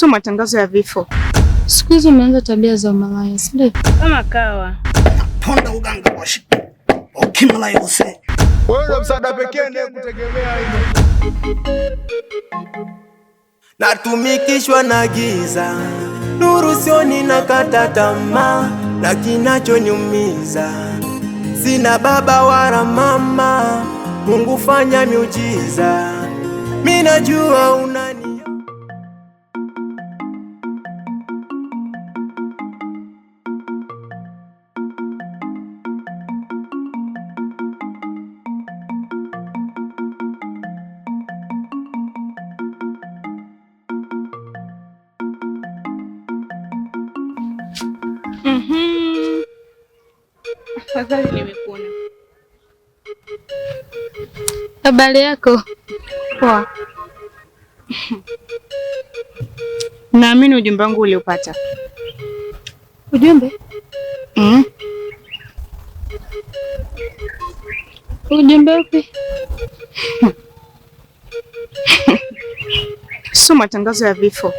sio matangazo ya vifo. Siku hizi umeanza tabia za malaya, si ndio? Kama kawa. Ponda uganga washi. Ukimla yose. Wewe ndio msaada pekee ndiye kutegemea hilo. Natumikishwa na giza, nuru sioni, nakata tamaa na kinachoniumiza, sina baba wala mama. Mungu fanya miujiza, mimi najua una Tafadhali nimekuona. Habari yako? Poa. Naamini ujumbe wangu uliopata. Ujumbe? Mm. Ujumbe upi? Sio matangazo ya vifo.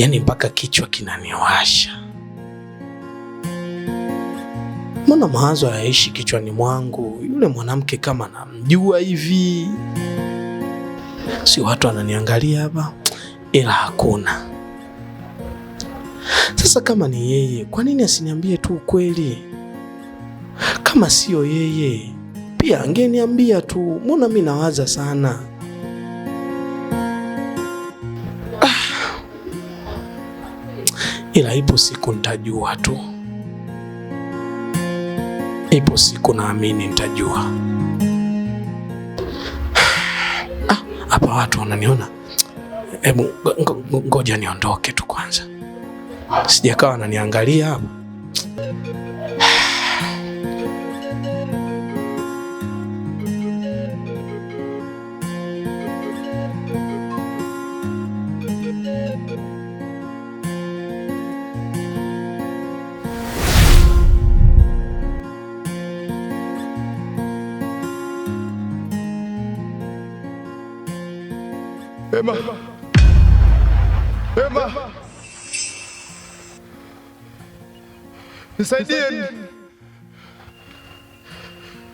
yani mpaka kichwa kinaniwasha. Mbona mawazo hayaishi kichwani mwangu? Yule mwanamke kama namjua hivi, si watu ananiangalia hapa, ila hakuna. Sasa kama ni yeye, kwa nini asiniambie tu ukweli? Kama siyo yeye, pia angeniambia tu. Mbona mi nawaza sana ila ipo siku nitajua tu, ipo siku naamini nitajua. Ah, hapa watu wananiona, hebu ngoja niondoke tu kwanza, sijakawa naniangalia Ema. Ema. Nisaidie.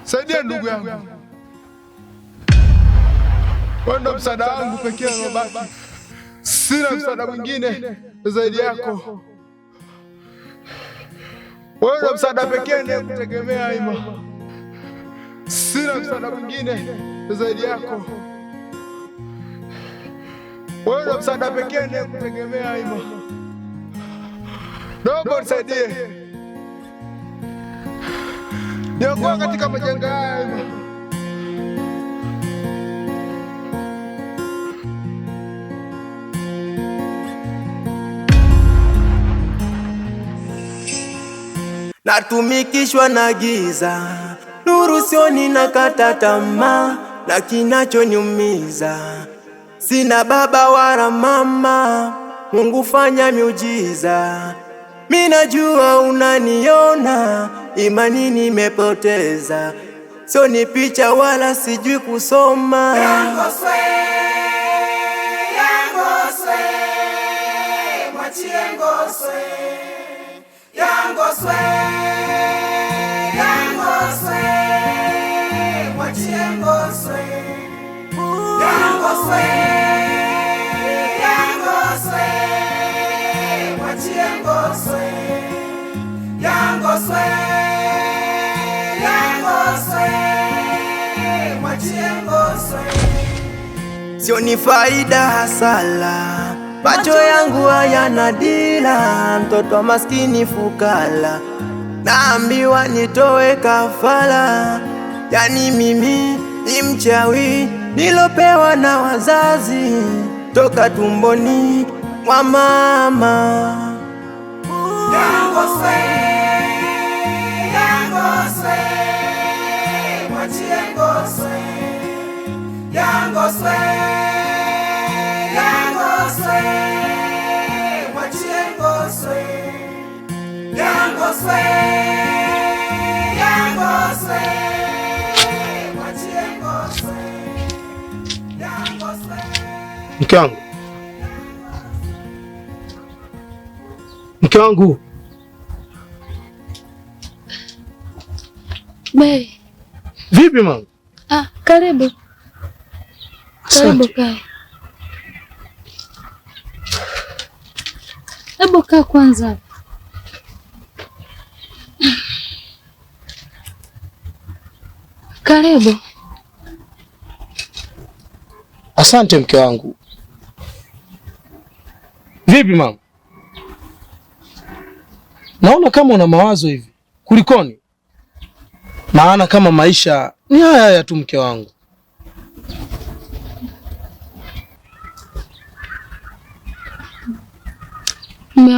Saidia ndugu yangu. Wewe ndo msaada wangu pekee unabaki. Sina msaada mwingine zaidi yako. Wewe ndo msaada pekee ndiye kutegemea, Ima. Sina msaada mwingine zaidi yako. Wewe msaada pekee ni kutegemea hivyo. Naomba nisaidie. niokoa katika majanga haya hivyo. Natumikishwa na giza, nuru sioni, nakata tamaa na kinachonyumiza Sina baba wala mama, Mungu fanya miujiza. Mimi najua unaniona, imani nimepoteza. Sio ni picha wala sijui kusoma. Yangoswe, Yangoswe, mwachie Yangoswe, Yangoswe, Ngoswe. Yangoswe. ni faida hasala, macho yangu hayana dila, mtoto maskini fukala, naambiwa nitoe kafala, yani mimi ni mchawi nilopewa na wazazi toka tumboni mwa mama. Dangoswe, Dangoswe, mwachie Ngoswe Mke wangu, mke wangu, vipi mama? Ah, karibu karibu, kaa, hebu kaa kwanza. Karibu. Asante mke wangu. Vipi mama? Naona kama una mawazo hivi, kulikoni? Maana kama maisha ni haya haya tu mke wangu. Mume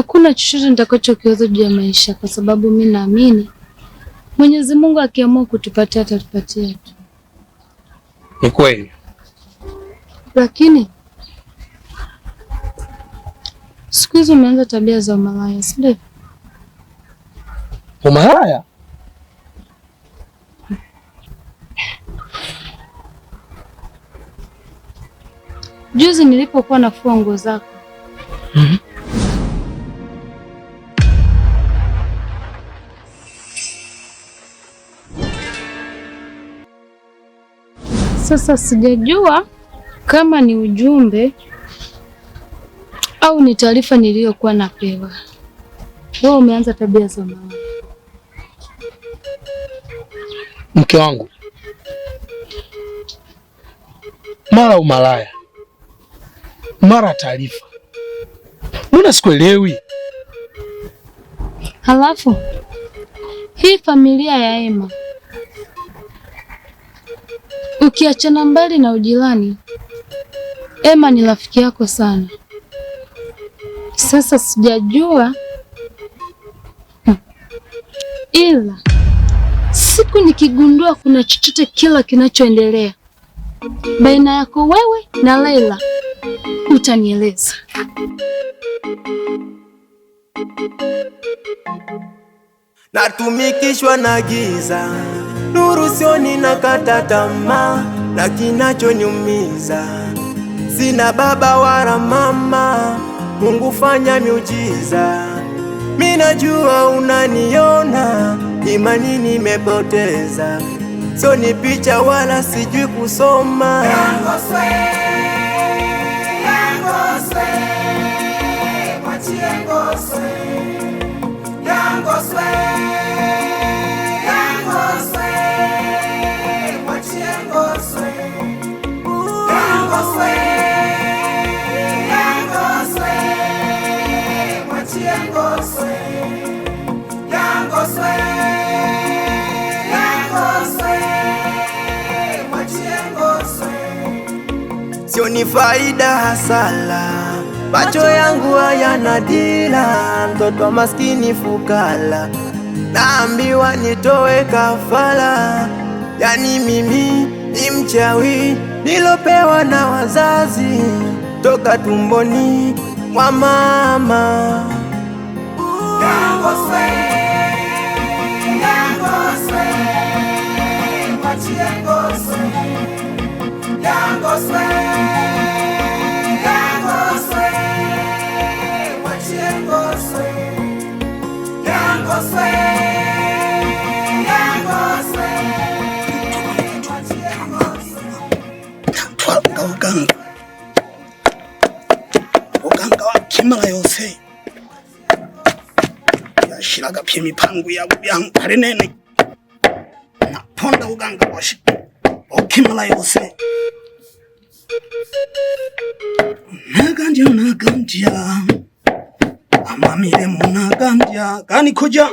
Hakuna chochote nitakachokiweza juu ya maisha, kwa sababu mi naamini Mwenyezi Mungu akiamua kutupatia atatupatia tu. Ni kweli, lakini siku hizi umeanza tabia za umalaya, si ndio? Umalaya juzi nilipokuwa nafua nguo zako mm -hmm. Sasa sijajua kama ni ujumbe au ni taarifa niliyokuwa napewa. Wewe umeanza tabia za mama. Mke wangu mara umalaya mara taarifa, mbona sikuelewi? Halafu hii familia ya Ema Ukiachana mbali na ujirani, Emma ni rafiki yako sana. Sasa sijajua ila siku nikigundua kuna chochote kila kinachoendelea baina yako wewe na Laila utanieleza. Natumikishwa na giza Nuru sioni na kata tamaa, na kinachoniumiza sina baba wala mama. Mungu fanya miujiza, minajua unaniona, imani nimepoteza, sioni picha wala sijui kusoma Yangoswe, Yangoswe. ni faida hasala, macho yangu hayana dila, mtoto maskini fukala, naambiwa nitoe kafala, yani mimi ni mchawi nilopewa na wazazi toka tumboni mwa mama. Dangoswe, Dangoswe, shiraga pye mipangu ya bubyantare nene naponda uganga washe okimala yose naganja naganja amamire munaganja gani koja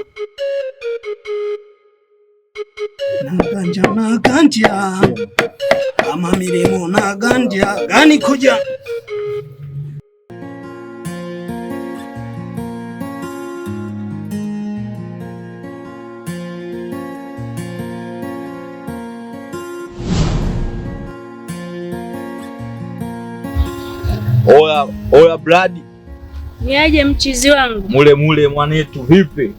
naganja naganja amamire munaganja gani koja Oya, oya Bradi. Niaje mchizi wangu? Mule mule mwanetu vipi?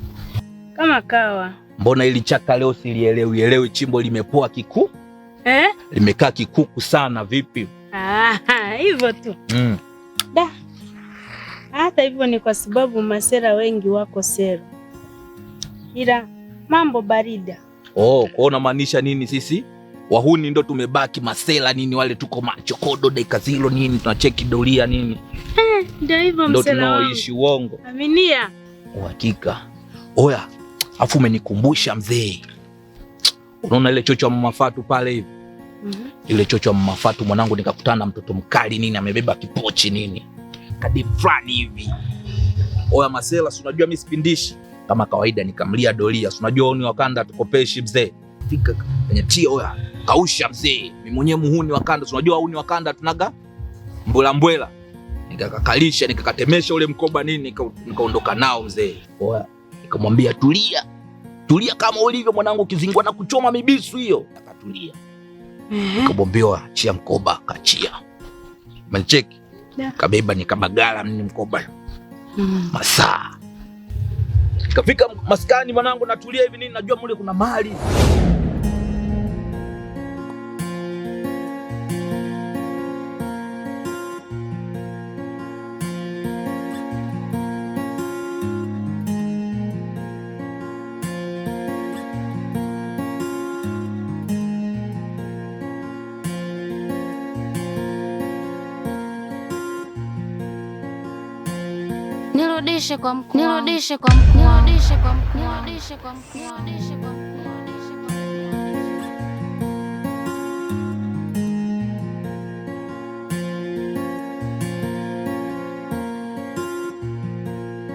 Kama kawa. Mbona ili chaka leo silielewi elewi chimbo limepoa kiku? Eh? Limekaa kikuku sana vipi? Ah, hivyo tu. Mm. Da. Hata hivyo ni kwa sababu masera wengi wako sera. Ila mambo barida. Oh, kwa unamaanisha nini sisi? wahuni ndo tumebaki, masela nini wale, tuko macho kodo dakika zilo nini, tunacheki doria nini, eh, ndio hivyo ndo tunaoishi uongo. Aminia uhakika. Oya, afu umenikumbusha mzee, unaona ile chocho ya mama Fatu pale hivi mm -hmm. ile chocho ya mama Fatu mwanangu, nikakutana na mtoto mkali nini, amebeba kipochi nini kadi fulani hivi. Oya masela, si unajua mimi sipindishi kama kawaida, nikamlia doria, si unajua ni wakanda tukopeshi mzee, fika kwenye tia oya kausha mzee, mimi mwenyewe muhuni wa kanda, unajua huni wa kanda tunaga mbwela mbwela, nikakakalisha nikakatemesha ule mkoba nini, nikaondoka nao mzee. Poa, nikamwambia tulia tulia, kama ulivyo mwanangu, kizingwa na kuchoma mibisu hiyo. Akatulia mhm. nikamwambiwa achia mkoba, kachia mancheki, Yeah. kabeba nikabagala mimi mkoba Mm. masaa, kafika maskani mwanangu, natulia hivi nini, najua mule kuna mali nirudishe kwa mkuu, nirudishe kwa mkuu, nirudishe kwa mkuu, nirudishe kwa mkuu, nirudishe kwa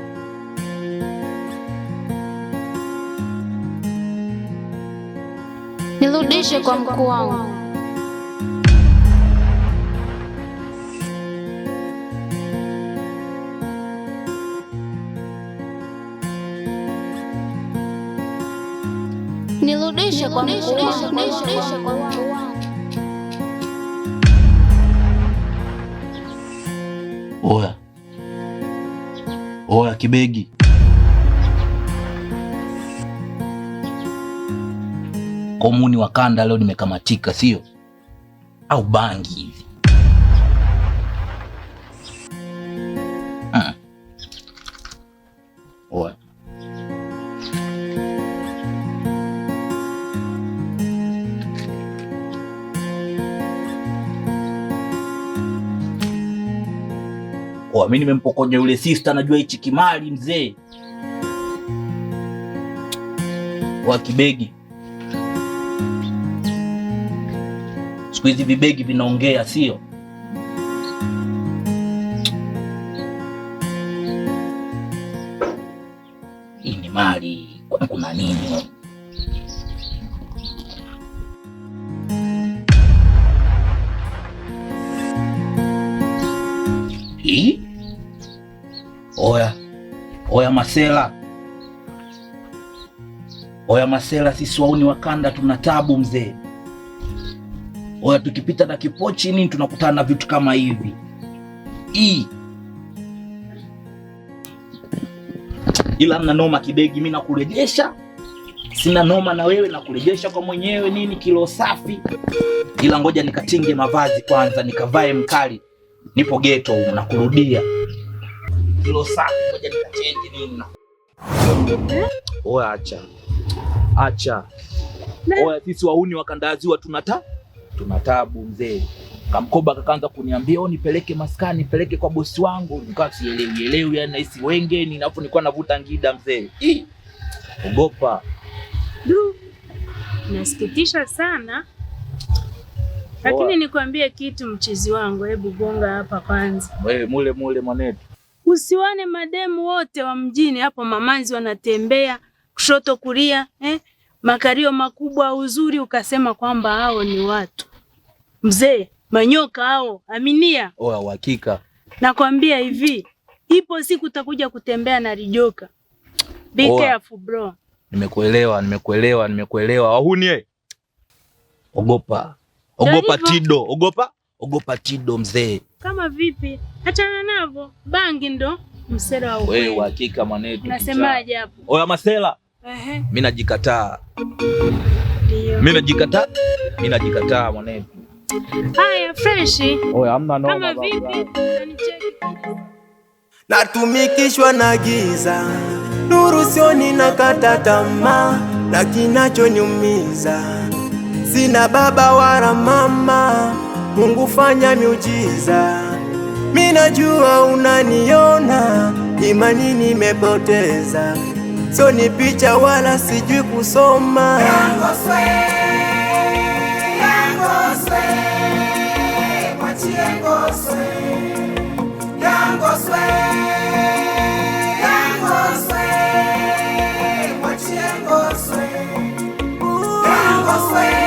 mkuu. Nirudishe kwa mkuu wangu. Nirudishe kwa Mungu wangu. Oya oya, kibegi komuni wa kanda leo nimekamatika, sio au bangi hivi kumpokoa. Mimi nimempokonya yule sista, najua hichi kimali mzee wa kibegi. Siku hizi vibegi vinaongea, sio? Hii ni mali, kuna nini? Hii Oya oya, masela oya, masela, sisi wauni Wakanda tuna tabu mzee. Oya, tukipita na kipochi nini tunakutana na vitu kama hivi i ila mna noma kibegi, mimi nakurejesha, sina noma na wewe, nakurejesha kwa mwenyewe nini, kilo safi. Ila ngoja nikatinge mavazi kwanza, nikavae mkali, nipo geto, nakurudia hilo safi, ngoja nikachange nini. Oya, acha acha. Oya, sisi wauni wakandaziwa tunata tuna tabu mzee. Kamkoba kakaanza kuniambia o, oh, nipeleke maskani, nipeleke kwa bosi wangu, nikawa sielewi elewi, yani nahisi wengeni, nafu nilikuwa navuta ngida mzee, ogopa. Du, nasikitisha sana lakini nikwambie kitu mchizi wangu, hebu gonga hapa kwanza. Wewe mule mule mwanetu usiwane mademu wote wa mjini hapo, mamanzi wanatembea kushoto kulia, eh? Makario makubwa uzuri, ukasema kwamba hao ni watu mzee, manyoka hao, aminia. Oa oh, uhakika, nakwambia hivi, ipo siku utakuja kutembea na rijoka. Be careful bro. Nimekuelewa, nimekuelewa, nimekuelewa. Wahuni, eh? ogopa ogopa Tido, ogopa ogopa Tido mzee. Kama vipi? Achana navo, bangi ndo msela wa ukweli. wewe. Uhakika mwanetu, nasemaje hapo? Oya masela, mimi najikataa, mimi najikataa, mimi najikataa mwanetu. Haya fresh. Oya amna noma. Kama vipi? Natumikishwa na giza, nuru sioni, nakata tamaa na kinachoniumiza, sina baba wala mama Mungu fanya miujiza, najua unaniona, imani nimepoteza, sio ni picha wala sijui kusoma Yangoswe, Yangoswe, mwachie Ngoswe, Yangoswe, Yangoswe, mwachie Ngoswe, Yangoswe